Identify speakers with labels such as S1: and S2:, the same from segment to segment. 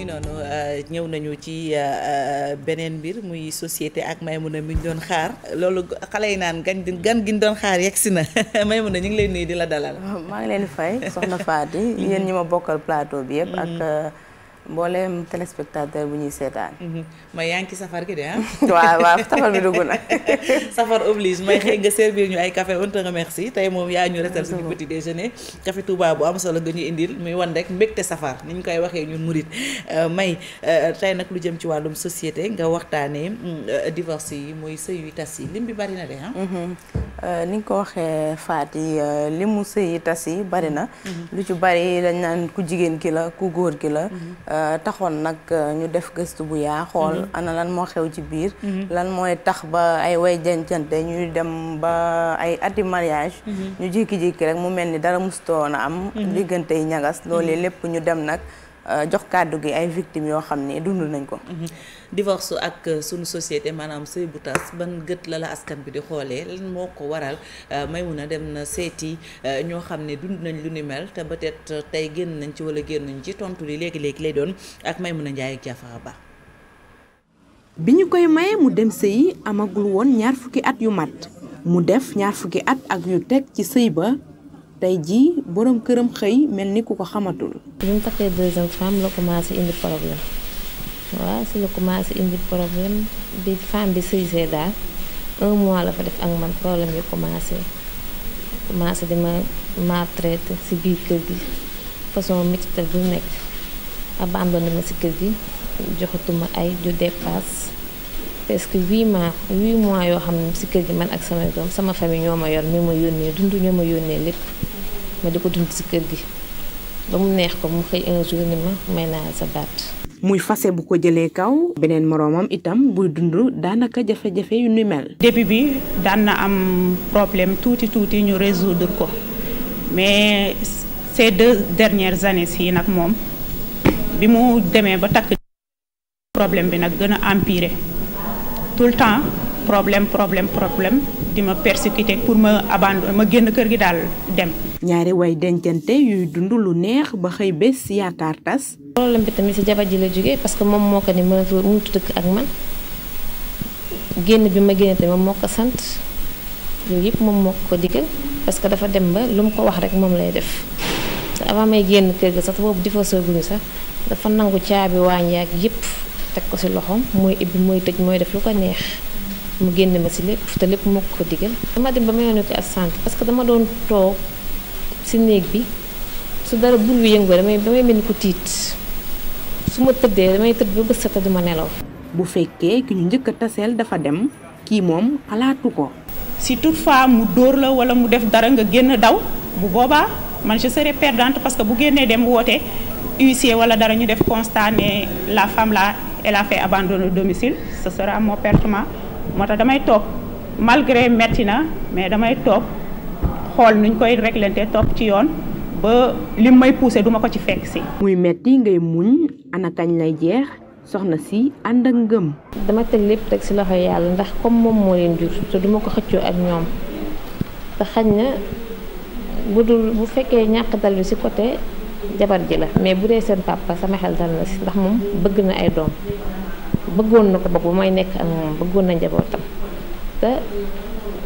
S1: ngi noonu euh, ñëw nañu ci euh, euh, beneen mbir muy société ak Maymuna mi ñu doon xaar loolu xale yi naan gan gan gi doon xaar yegsi na Maymuna ñu ngi leen nuyu di la dalal. maa ngi leen di fay soxna Fadi.
S2: Mm-hmm. yéen ñi ma bokkal plateau bi yëpp ak. Mm-hmm. mbooleem téléspectateur bu ñuy seetaan.
S1: Mhm. may yaa ngi ci safar gi de ah. waaw waaw safar bi dugg na. safar oblige may xëy nga servir ñu ay café on te remercie tey moom yaa ñu resal suñu petit déjeuner. café Touba bu am solo nga ñu indil muy wan rek mbégte safar ni ñu koy waxee ñun murit euh, may euh, tey nag lu jëm ci wàllum société nga waxtaanee euh, divorce yi muy sëy yu tas yi lim bi bari na de ah.
S2: Mhm. ni nga ko waxee faat yi li mu yu tas yi bari na. Mhm. lu ci bari dañ naan jigéen ki ku góor ki la. taxoon nag euh, ñu def gëstu bu yaa xool mhm. ana lan moo xew ci biir mhm. lan mooy tax ba ay way jëncante ñuy dem ba ay ati mariage mhm. ñu jékki-jékki rek mu mel ni dara mustoon a am diggante yi ñagas loolu lépp ñu dem nag Euh, jox kàddu gi ay victimes yoo xam ne dund nañ ko. Mhm.
S1: divorce ak euh, sunu societé maanaam sëy bu tas ban gët la la askan bi di xoolee lan moo ko waral may euh, Maimouna dem na seeti ñoo xam ne dund nañ lu ni mel te peut-être tey génn nañ ci wala génn nañ ci tontu li léegi léegi lay doon ak Maimouna Ndiaye ak Diafara Ba.
S2: bi ñu koy mayee mu dem sëyi amagul woon ñaar fukki at yu mat mu def ñaar fukki at ak yu teg ci sëy ba. tey jii boroom këram xëy mel ni
S3: ku ko xamatul. bi mu takkee deuxième femme la commencé indi problème waaw si la commencé indi problème bi femme bi sëysee daal un mois la fa def ak man problème yi commencé commencé di ma si biir kër gi façon bu nekk abandonné ma si kër gi joxatuma ay ju dépasse parce que huit mois yoo xam ne si kër gi man ak samay doom sama famille ñoo ma yor ñoo ma yónnee dund ñoo ma yónnee lépp. ma di ko dund si kër gi ba mu neex ko mu xëy un jour ni ma may naa sa baat.
S2: muy fase bu ko jëlee kaw. beneen moroomam itam buy dund daanaka jafe-jafe yu ni mel. début bi daan na am
S1: problème tuuti tuuti ñu résoudre ko mais ces deux dernière années yi nag moom bi mu demee ba takk problème bi nag gën a empiré tout temps. problème problème problème di ma persécuter pour ma abandon ma génn kër gi daal dem.
S2: ñaari way dencante yuy dund lu
S3: neex ba xëy bés yaakaar tas. problème bi tamit si jabar ji la parce que moom moo ko ne mënatul mënut dëkk ak man génn ma génn moom moo sant yooyu yëpp moom moo ko digal parce que dafa dem ba lu mu ko wax rek moom lay def te avant may génn kër ga sax boobu di fa sooguñu sax dafa nangu caabi waañ yaag yëpp teg ko si loxoom mooy ibbi mooy tëj mooy def lu ko neex. mu génne ma si lépp te lépp moo ko digal dama dem ba ma yónnee ko assistante parce que dama doon toog si néeg bi su dara bur bi yëngoo damay damay mel ni ko tiit su ma tëddee damay tëdd ba bës sa te ma nelaw
S1: bu fekkee ki ñu njëkk a taseel dafa dem kii moom xalaatu ko si toutefois mu dóor la wala mu def dara nga génn daw bu boobaa man je serai perdante parce que bu génnee dem woote huissier wala dara ñu def constat ne la femme là elle a fait abandon au domicile ce sera pertement moo tax damay toog malgré metti na mais damay toog xool nuñ koy réglante topp ci yoon ba lim may poussé duma ko ci fekk si.
S2: muy metti ngay muñ ana kañ lay jeex soxna si ànd
S3: ak ngëm. dama teg lépp teg si loxo yàlla ndax comme moom moo leen jur te duma ko xëccoo ak ñoom te xañ na bu dul bu fekkee ñàkk dal bi si côté jabar ji la mais bu dee seen papa sama xel dal na si ndax moom bëgg na ay doom. bëggoon na ko ba bu may nekk ak moom bëggoon na njabootam te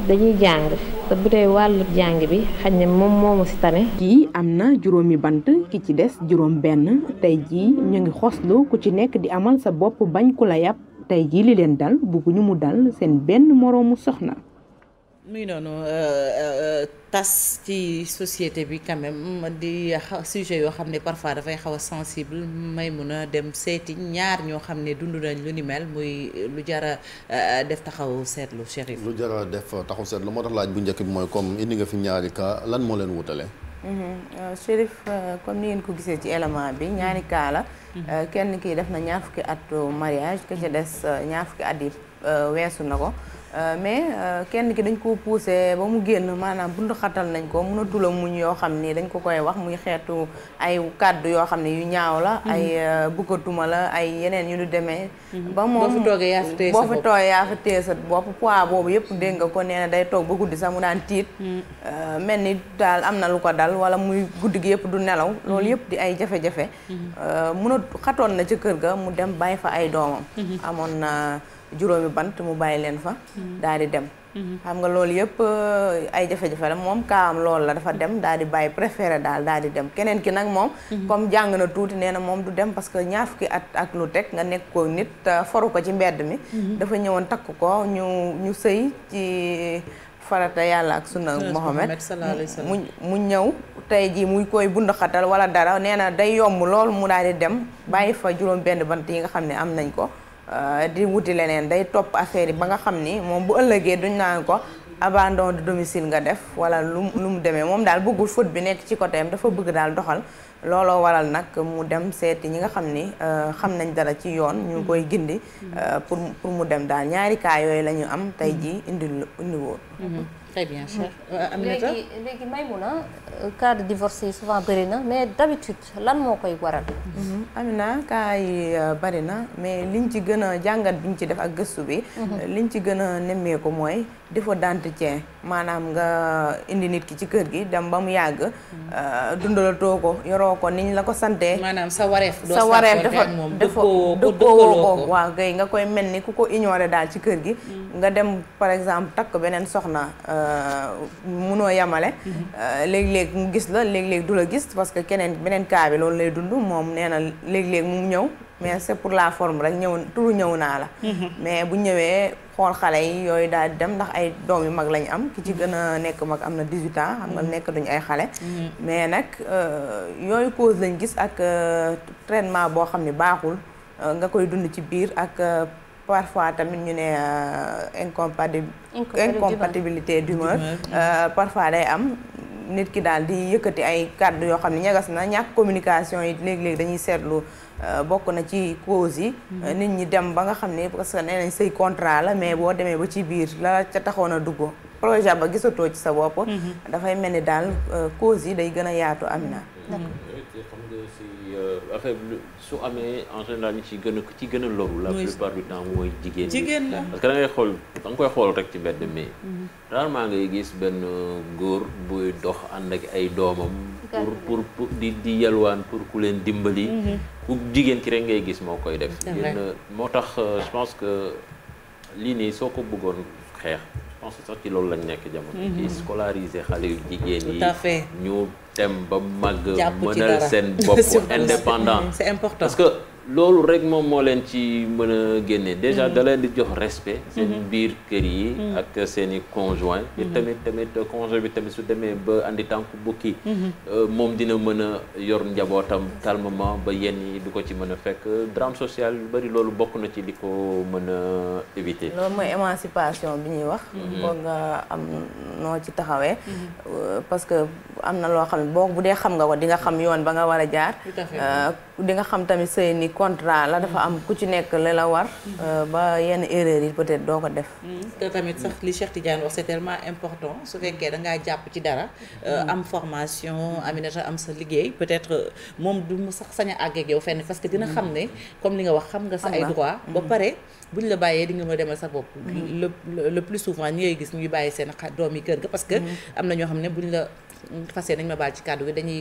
S3: dañuy jàng te bu dee wàllu jàng bi xaj ne moom moomu si tane. kii am na juróomi bant
S2: ki ci des juróom benn tey jii ñu ngi xoslu ku ci nekk di amal sa bopp bañ ku la yàpp tey jii li leen dal bëgguñu mu dal seen benn moroomu soxna.
S1: muy noonu euh, euh, euh, tas ci société bi quand même di sujet yoo xam ne parfois dafay xaw a sensible may mun a dem seeti ñaar ñoo xam ne dund nañ lu ni mel muy lu jara def taxaw seetlu Chérif.
S4: lu jara def taxaw seetlu moo tax laaj bu njëkk bi mooy comme indi nga fi ñaari cas lan moo leen wutale.
S1: Mm-hmm. Chérif
S2: comme ni ngeen ko gisee ci élément bi ñaari mm-hmm. cas la. Mm-hmm. kenn kii def na ñaar fukki at mariage ka des ñaar fukki at yi weesu na ko. Euh, mais euh, kenn ki dañ koo poussé ba mu génn maanaam buntu xatal nañ ko mënatul a muñ yoo xam ni dañ ko koy wax muy xeetu ay kàddu yoo xam ne yu ñaaw la. Mhm. ay euh, bëggatuma la ay yeneen yu du demee. Mhm. ba moom boo fi toogee yaa fi téye sa bopp boo boobu yëpp dégg nga ko nee day toog ba guddi sax mu daan tiit. Mhm. mel ni daal am na lu ko dal wala muy guddi gi yëpp du nelaw. loolu yëpp di ay jafe-jafe. mënatu xatoon na ca kër ga mu dem bàyyi fa ay doomam. amoon na. juróomi bant mu bàyyi leen fa mm-hmm. daal di dem mm-hmm. xam nga loolu yëpp eh, ay jafe-jafe la moom kaa am loolu la dafa dem daal di bàyyi préféré daal daal di dem keneen ki nag moom mm-hmm. comme jàng na tuuti nee na moom du dem parce que ñaar fukki at ak lu teg nga nekk ko nit foru ko ci mbedd mi dafa ñëwoon takk ko ñu ñu sëy ci farata yàlla ak sunna Mohamed mu mu ñëw tey jii muy koy bundaxatal wala dara nee na day yomb lool mu daal di dem bàyyi fa juróom benn bant yi nga xam ne am nañ ko Euh, di wuti leneen day topp affaire yi ba nga xam ni moom bu ëllëgee duñ naan ko abandon de domicile nga def wala lu lu mu demee moom daal bëggul faute bi nekk ci côté am dafa bëgg daal doxal looloo waral nag mu dem seeti ñi nga xam ni euh, xam nañ dara ci yoon ñu koy gindi euh, pour pour mu dem daal ñaari cas yooyu la ñu am tey ji indi indi
S1: très bien
S3: cher na euh, euh, léegi léegi Maymuna euh, cas de divorce souvent bëri na mais
S2: d'habitude lan moo koy waral. Mhm. am cas yi bëri na mais liñ ci gën a jàngat biñ ci def ak gëstu bi. Mhm. liñ ci gën a nemmeeku mooy défaut d'entretien. maanaam nga indi nit ki ci kër gi dem ba mu yàgg euh, dundalatoo ko yoroo ko niñ la ko santee maanaam sa wareef sa wareef dafa dafa dëkkoowoo ko waa kay nga koy mel ni ku ko ignoré daal ci kër gi mm. nga dem par exemple takk beneen soxna euh, munoo yamale mm-hmm. euh, léeg-léeg mu gis la léeg-léeg du la gis parce que keneen beneen kaa bi loolu lay dund moom nee na léeg-léeg mu ñëw mais c'est pour la forme rek ñëw turu ñëw naa la mhm. mais bu ñëwee xool xale yi yooyu daal di dem ndax ay doom yu mag lañ am ki ci mhm. gën a nekk mag am na 18 ans xam nga mhm. nekk duñu ay xale mais nag euh, yooyu cause lañ gis ak euh, traitement boo xam ne baaxul euh, nga koy dund ci biir ak parfois tamit ñu ne incompatibilité incompatibilité d'humeur parfois day am nit ki daal di yëkkati ay kàddu yoo xam ne ñagas na ñàkk communication yi léeg-léeg dañuy seetlu euh, bokk na ci cause yi. Mm-hmm. Euh, nit ñi dem ba nga xam ne parce nee nañ say contrat la mais boo demee ba ci biir la ca taxoon a dugg projet ba gisatoo ci sa bopp. Mm-hmm. dafay mel ni daal euh, cause yi day gën a yaatu Amina.
S5: affaire su amee en général ñi ci gën ko ci gën a loru la plupart du temps mooy jigéen jigéen la parce que da xool da nga koy xool rek ci mbedd mais maa mhm. ngay gis benn góor buy dox ànd ak ay doomam pour pour di di yalwaan pour ku leen dimbali mhm. ku jigéen ki rek ngay gis moo koy def moo tax euh, je pense que lii nii soo ko bëggoon xeex pense que sax ci loolu lañ nekk jamono. Mhm. di scolariser xale yu jigéen yi. ñu dem ba màgg. mënal seen bopp indépendant. parce que. loolu rek moom moo leen ci mën a génne déjà mm. da di jox respect mm-hmm. seen biir kër yi mm. ak seen i conjoint bi mm-hmm. tamit tamit conjoint bi tamit su demee ba andi tànk bukki mm-hmm. euh, moom dina mën a yor njabootam calmement ba yenn yi du ko ci mën a fekk drame sociale yu bari loolu bokk na ci li ko mën a éviter
S2: loolu mooy émancipation bi ñuy wax boog nga am noo ci taxawee euh, parce que am na loo xam ne boo bu dee xam nga ko di nga xam yoon ba nga war a jaar di nga xam tamit sëy ni contrat la dafa am ku ci nekk la la war. Euh, ba yenn erreur yi peut-être doo ko def.
S1: Mm. te tamit sax li Cheikh Tidiane wax c'est tellement important su fekkee da ngaa jàpp ci dara. Euh, am formation Aminata am sa liggéey peut-être euh, moom du mu sax sañ a àgg fenn parce que dina xam ne comme li nga wax xam nga sa ay droit ba mm. pare buñ la bàyyee di nga ma demal sa bopp. Mm. le le plus souvent ñi ngay gis ñuy bàyyi seen xa doom yi kër ga parce que am na ñoo xam ne buñ la. fas yéene nañ ma baal ci kàddu gi dañuy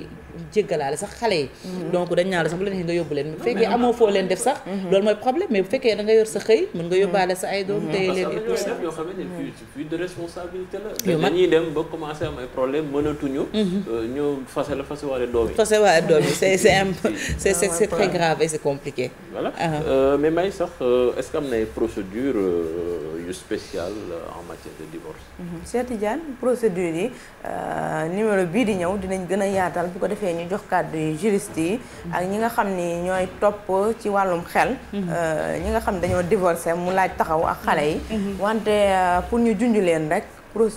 S1: jéggalaale sax xale yi mhm. donc dañ ñaan la sax bu leen nga yóbbu leen bu fekkee amoo foo leen def sax mhm. loolu mooy problème mais bu fekkee da nga yor sa xëy nga yóbbaale sa ay doom mhm. téye leen et tout
S5: ça yoo xamante ne fuite fuite de responsabilité la dañuy dem ba commencé am problème mënatuñu euh, ñu fase la fase waale doom yi fase waale doom yi c'est c'est
S1: ah, c'est c'est très grave et c'est compliqué
S5: voilà ah. euh, mais may sax euh, est-ce que am na procédure spécial euh, en matière de divorce.
S1: Mhm. Cheikh Tidiane
S2: procédure yi euh, numéro bii di ñëw dinañ gën a yaatal bu ko defee ñu jox kàddu yi juriste yi. ak ñi nga xam ni ñooy topp ci wàllum xel. Mhm. Euh, ñi nga xam dañoo divorcé mu laaj taxaw ak xale yi. Mhm. wante pour ñu junj leen rek. pro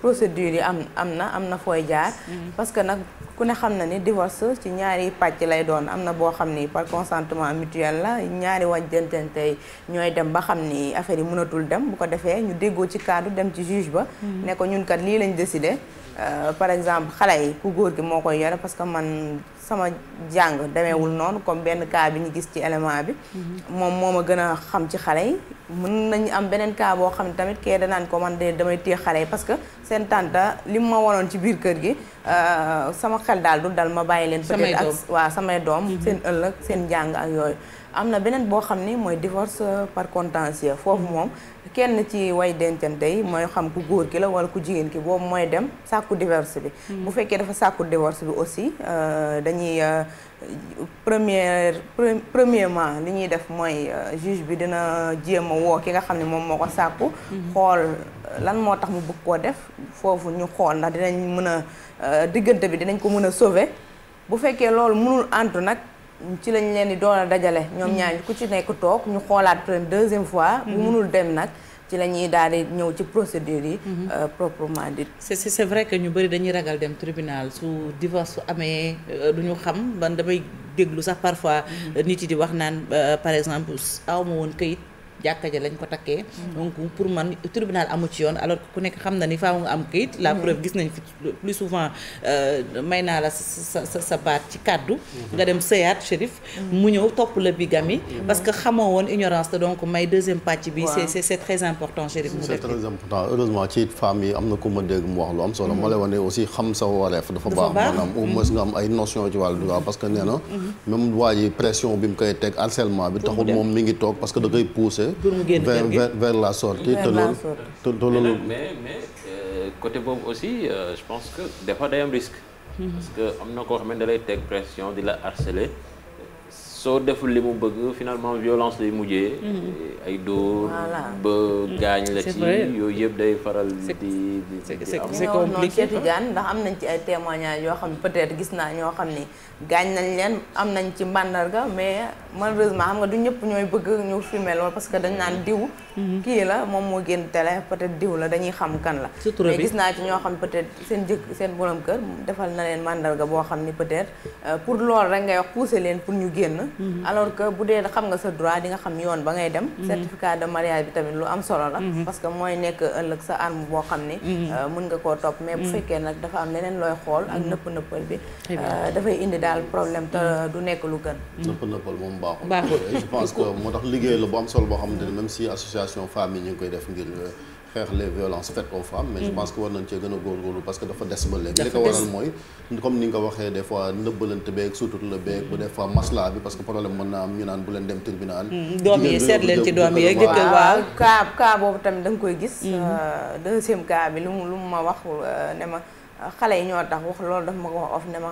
S2: procédure yi am am na am na fooy jaar mm-hmm. parce que nag ku ne xam na ni divorce ci ñaari pàcc lay doon am na boo xam ni par consentement mutuel la ñaari wàjjantante tey ñooy dem ba xam ni affaire yi mënatul dem bu ko defee ñu déggoo ci cadre dem ci juge ba mm-hmm. ne ñun kat lii lañ décidé euh, par exemple xale yi ku góor gi moo koy yore parce man sama jàng demeewul noonu comme benn cas bi ñu gis ci élément bi mhm. moom moo ma gën a xam ci xale yi mën nañ am beneen cas boo xam ne tamit kee danaan ko man de damay téye xale yi parce que seen tànta li ma wonoon ci biir kër gi euh, sama xel daal du dal ma bàyyi leen peut-être ak waaw samay doom mhm. seen ëllëg seen njàng ak yooyu am na beneen boo xam ne mooy divorce euh, par contentieux foofu mhm. moom kenn ci way dencan yi mooy xam ku góor ki la wala ku jigéen ki boobu mooy dem sàkku divorce bi bu fekkee dafa sàkku divorce bi aussi euh, dañuy dañuy euh, première premièrement li ñuy def mooy euh, juge bi dina euh, jéem a woo ki nga xam ne moom moo ko sàkku mm-hmm. xool lan moo tax mu bugg koo def foofu ñu xool ndax dinañ mën a diggante bi dinañ ko mën a sauver bu fekkee loolu mënul antu nag ci lañ leen di doon dajale ñoom mm-hmm. ñaar ku ci nekk toog ñu xoolaat première
S1: fois mm-hmm. bu mënul dem nag ci la ñuy daal di ñëw
S2: ci procédure yi. Mhm. Euh, proprement
S1: dit. c'est c'est vrai que ñu bëri dañuy ragal dem tribunal su divorce su amee euh, du ñu xam ban damay déglu sax parfois. Mhm. Euh, nit yi di wax naan par exemple awma woon këyit. jàkka ja lañ ko takkee donc pour man tribunal amu ci yoon alors que nekk xam na ni faaw nga am kayit la preuve gis nañ fi plus souvent euh, may naa la sa sa sa baat ci kàddu nga dem sëyaat shérif mu ñëw topp la bigamie parce que xamoo woon ignorance te donc may deuxième pàcc bi
S4: am na ku ma dégg mu wax lu am solo mm-hmm. ma lay wane aussi xam sa wareef dafa baax maanaam au moins nga am ay notion ci wàllu droit parce que nee na mm-hmm. même pression bi mu koy teg harcèlement pousser. pour mu génn vers vers vers loolu
S5: mais mais euh, boobu aussi euh, je pense que des day am risque. Mhm. parce que am na koo xam ne da lay teg pression di la harceler. soo deful li mu bëgg finalement violence lay mujjee. Mhm. ay dóor. ba gaañ la ci yooyu yëpp day faral di di di am. c'est compliqué
S2: ndax am nañ ci ay témoignages yoo xam ne peut-être gis naa ñoo xam ni gaañ nañ leen am nañ ci màndarga mais. malheureusement xam nga du ñëpp ñooy bëgg ñu filmer loolu parce que dañ naan diw mhm. kii la moom moo génn télé peut-être diw la dañuy xam kan la mais gis naa ci ñoo xam peut-être seen jëkk seen borom kër defal na leen mandarga boo xam ni peut euh, pour loolu rek ngay wax pousser leen pour ñu génn mhm. alors que bu dee xam nga sa droit di nga xam yoon ba ngay dem mhm. certificat de mariage bi tamit lu am solo la parce que mooy nekk ëllëg sa arme boo xam ni mën euh, nga koo topp mais bu fekkee nag dafa am leneen looy xool ak nëpp nëppal bi eh euh, dafay indi daal problème du nekk lu gën
S4: baaxul baaxul je pense moo tax liggéey la bu am solo boo xamante ne même si association femmes yi ñu ngi koy def ngir euh, xeex les violences faites aux femmes mais je mm. pense que war nañ cee gën a góorgóorlu parce que dafa des ba léegi li ko waral mooy comme ni nga ko waxee des fois nëbbalante beeg sutut la beeg bu des fois masla bi parce mm, doom yi seet ci doom yi jëkkër waaw
S2: cas cas tamit da nga koy gis mm-hmm. euh, deuxième cas bi lu mu lu mu ma wax euh, ne ma xale yi ñoo tax wax loolu daf ma ko wax ne ma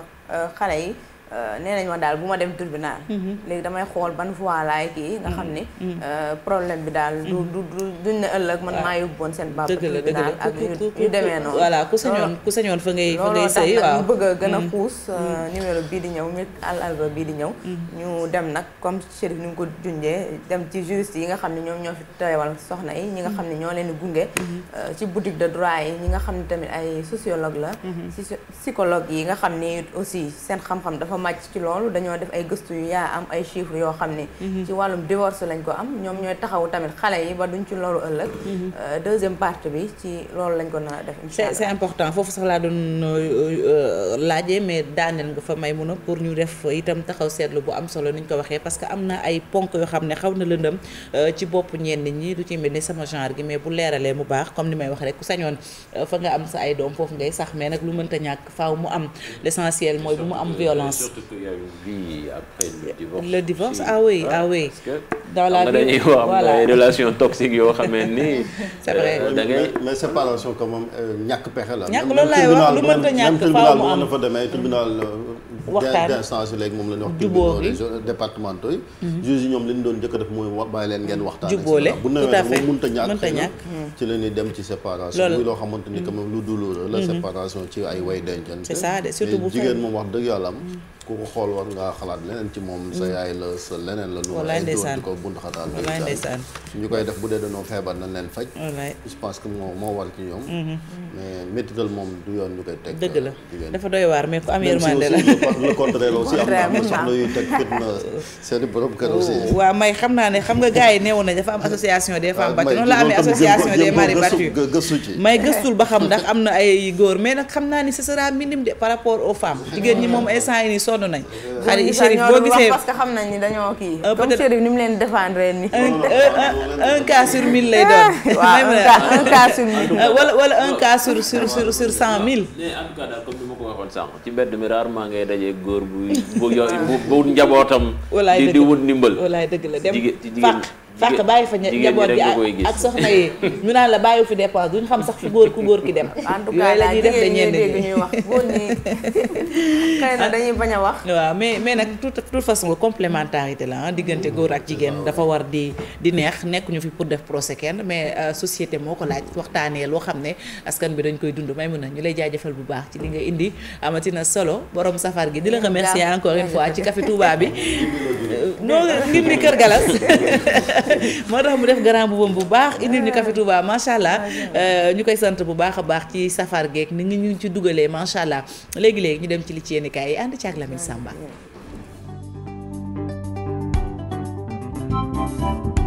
S2: xale yi Euh, nee nañ ma daal bu ma dem tribunal mhm. léegi damay xool ban voie laay kii nga xam ni mhm. Mhm. Euh, problème bi daal du du du duñ ne ëllëg man ah. maa yóbboon seen bàpp tribunal ak yu demee noonu voilà
S1: ku sañoon ku sañoon fa ngay fa ngay gën a
S2: xuus euh, numéro bii di ñëw mit al alba bii di ñëw ñu dem nag comme chérif ni mu ko junjee dem ci juriste yi nga xam ne ñoom ñoo fi teewal soxna yi ñi nga xam ne ñoo leen di gunge ci boutique de droit yi ñi nga xam ne tamit ay sociologue la psychologue yi nga xam ni aussi seen xam-xam dafa màcc ci loolu dañoo def ay gëstu yu yaa am ay chiffres yoo xam ni mhm. ci wàllum divorce lañ ko am ñoom ñooy taxaw tamit xale yi ba duñ ci loolu ëllëg mhm. euh, deuxième partie bi ci loolu lañ ko na def c'est
S1: c'est important foofu sax laa doon euh, euh, laajee mais daaneel nga fa may mun a pour ñu def itam taxaw seetlu bu am solo ni ko waxee parce que am na ay ponk yoo xam ne xaw na lëndëm ci bopp ñenn ñi du ci mel ni sama genre gi mais bu leeralee mu baax comme ni may wax rek ku sañoon fa nga am sa ay doom foofu ngay sax mais nag lu mënta ñàkk faaw
S5: Surtout qu'il y a une vie après le divorce.
S4: Le divorce, aussi. ah oui, ah, ah oui. Parce que dans la vie, vie voilà. des
S5: relations toxiques, yo, xamné. C'est vrai. Euh, mais,
S4: mais séparation quand euh, même ñak la. ñak lool lay wax lu mënta ñak faaw am. Même tribunal bu fa démé tribunal waxtaan d'instance moom la ñu wax jubóo gi départementaux yi mhm. juge doon jëkk def mooy bàyyi leen ngeen waxtaan jubóole bu nawee moom mënta ñàkk hmm. ci la ñuy dem ci séparation muy loo xamante ni hmm. quand même lu douloureux la mhm. séparation ci ay way dencante c'est ça de surtout bu jigéen moom wax dëgg yàlla am hmm. ku ko xool war ngaa xalaat leneen ci moom sa mm. yaay la sa leneen la lu wallaay ndeysaan di ko bunt xataal wallaay ndeysaan ñu koy def bu dee dañoo feebar nañ leen faj wallaay je pense que moo moo war ci ñoom mm-hmm. moom du yoon ñu koy teg dafa doy waar
S1: mais xam naa ne xam nga gars neew nañ dafa am association des femmes battues noonu la amee association des maris battus
S4: gëstu may gëstul
S1: ba xam ndax am na ay góor mais nag xam naa ni ce sera de par rapport aux femmes jigéen ñi moom instant yi nii sonn nañ xari i Chérif boo gisee parce
S2: que xam nañ ni dañoo kii
S1: ah, comme Chérif ni mu leen defaan reen ni
S5: un cas sur mille lay doon ah, waaw un cas sur ah, wala wala un cas
S1: sur sur cent mille
S5: mais ci mbedd mi rarement ngay dajee góor bu bu njabootam di wut ndimbal
S1: walaay dëgg la dem fàq fàq bàyyi fa njaboot gi ak soxna yi ñu naan la bàyyi fi dépense duñ xam sax fi góor ku góor ki dem en tout cas la ñuy def dañuy dégg ñuy ñi ah. dañuy bañ a wax waaw mais mais nag toute toute façon complémentarité la ah diggante góor ak jigéen dafa war di di neex nekkuñu fi pour def procès kenn mais euh, société moo ko laaj waxtaanee loo xam ne askan bi dañ koy dund may mun na ñu lay jaajëfal bu baax ci li nga indi amatina solo borom safar gi di la remercier encore une fois ci café Touba bi euh, noo moo tax mu def grand boubam bu baax indil ñu Café Touba macha allah ah, euh, ñu koy sant bu baax a baax ci safar geek ni ngi ñu ci dugalee macha allah léegi-léegi ñu dem ci li ci yenn kaay yi ànd ci ak Lamine Samba.
S5: Ah,